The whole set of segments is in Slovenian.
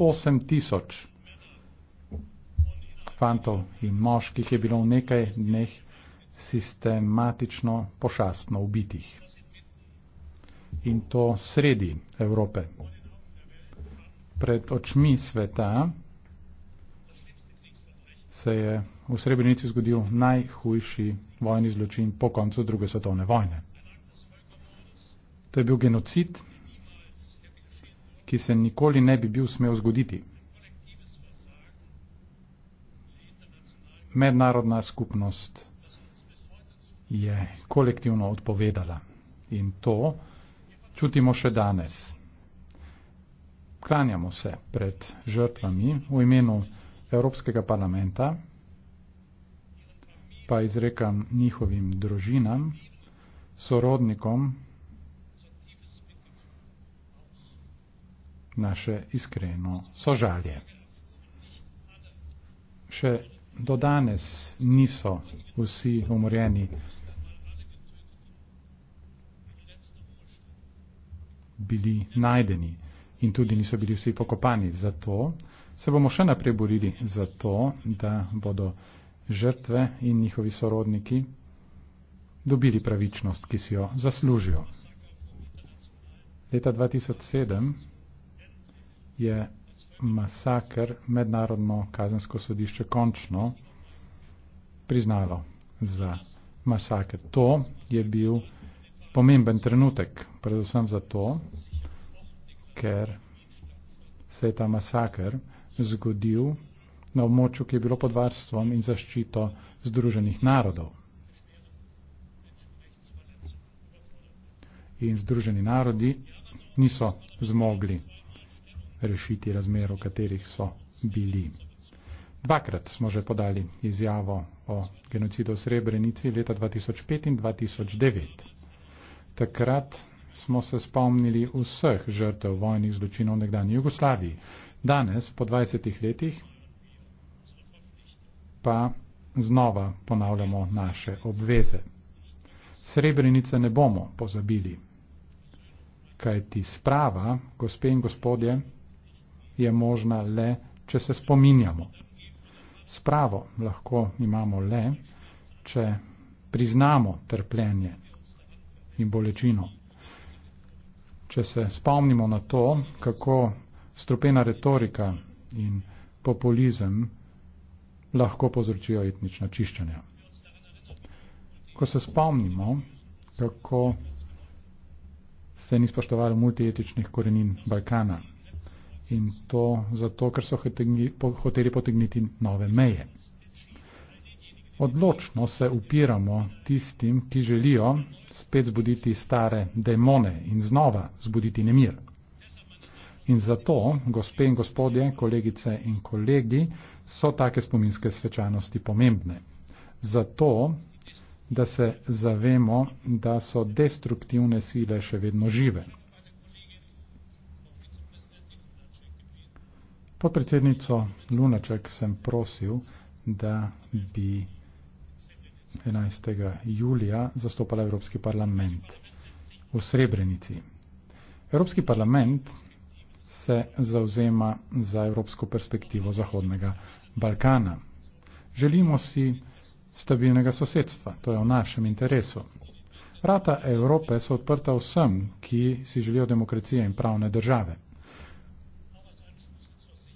osem tisoč fantov in moških je bilo v nekaj dneh sistematično pošastno ubitih. In to sredi Evrope. Pred očmi sveta se je v Srebrenici zgodil najhujši vojni zločin po koncu druge svetovne vojne. To je bil genocid ki se nikoli ne bi bil smel zgoditi. Mednarodna skupnost je kolektivno odpovedala in to čutimo še danes. Klanjamo se pred žrtvami v imenu Evropskega parlamenta, pa izrekam njihovim družinam, sorodnikom, naše iskreno sožalje. Še do danes niso vsi umorjeni. bili najdeni in tudi niso bili vsi pokopani. Zato se bomo še naprej borili za to, da bodo žrtve in njihovi sorodniki dobili pravičnost, ki si jo zaslužijo. Leta 2007 je masakr mednarodno kazensko sodišče končno priznalo za masakr. To je bil pomemben trenutek, predvsem zato, ker se je ta masakr zgodil na območju, ki je bilo pod varstvom in zaščito Združenih narodov. In Združeni narodi niso zmogli rešiti razmer, v katerih so bili. Dvakrat smo že podali izjavo o genocidu v Srebrenici leta 2005 in 2009. Takrat smo se spomnili vseh žrtev vojnih zločinov v nekdani Jugoslaviji. Danes, po 20 letih, pa znova ponavljamo naše obveze. Srebrenice ne bomo pozabili, kaj ti sprava, gospe in gospodje, je možna le, če se spominjamo. Spravo lahko imamo le, če priznamo trpljenje in bolečino. Če se spomnimo na to, kako strupena retorika in populizem lahko povzročijo etnična čiščanja. Ko se spomnimo, kako se ni spoštovalo multietičnih korenin Balkana in to zato, ker so hoteli potegniti nove meje. Odločno se upiramo tistim, ki želijo spet zbuditi stare demone in znova zbuditi nemir. In zato, gospe in gospodje, kolegice in kolegi, so take spominske svečanosti pomembne. Zato, da se zavemo, da so destruktivne sile še vedno žive. Podpredsednico Lunaček sem prosil, da bi 11. julija zastopala Evropski parlament v Srebrenici. Evropski parlament se zauzema za evropsko perspektivo Zahodnega Balkana. Želimo si stabilnega sosedstva, to je v našem interesu. Vrata Evrope so odprta vsem, ki si želijo demokracije in pravne države.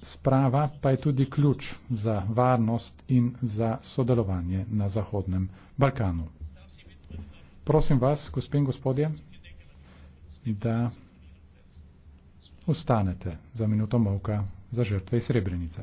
Sprava pa je tudi ključ za varnost in za sodelovanje na Zahodnem Balkanu. Prosim vas, gospe in gospodje, da ustanete za minuto molka za žrtve iz Srebrenice.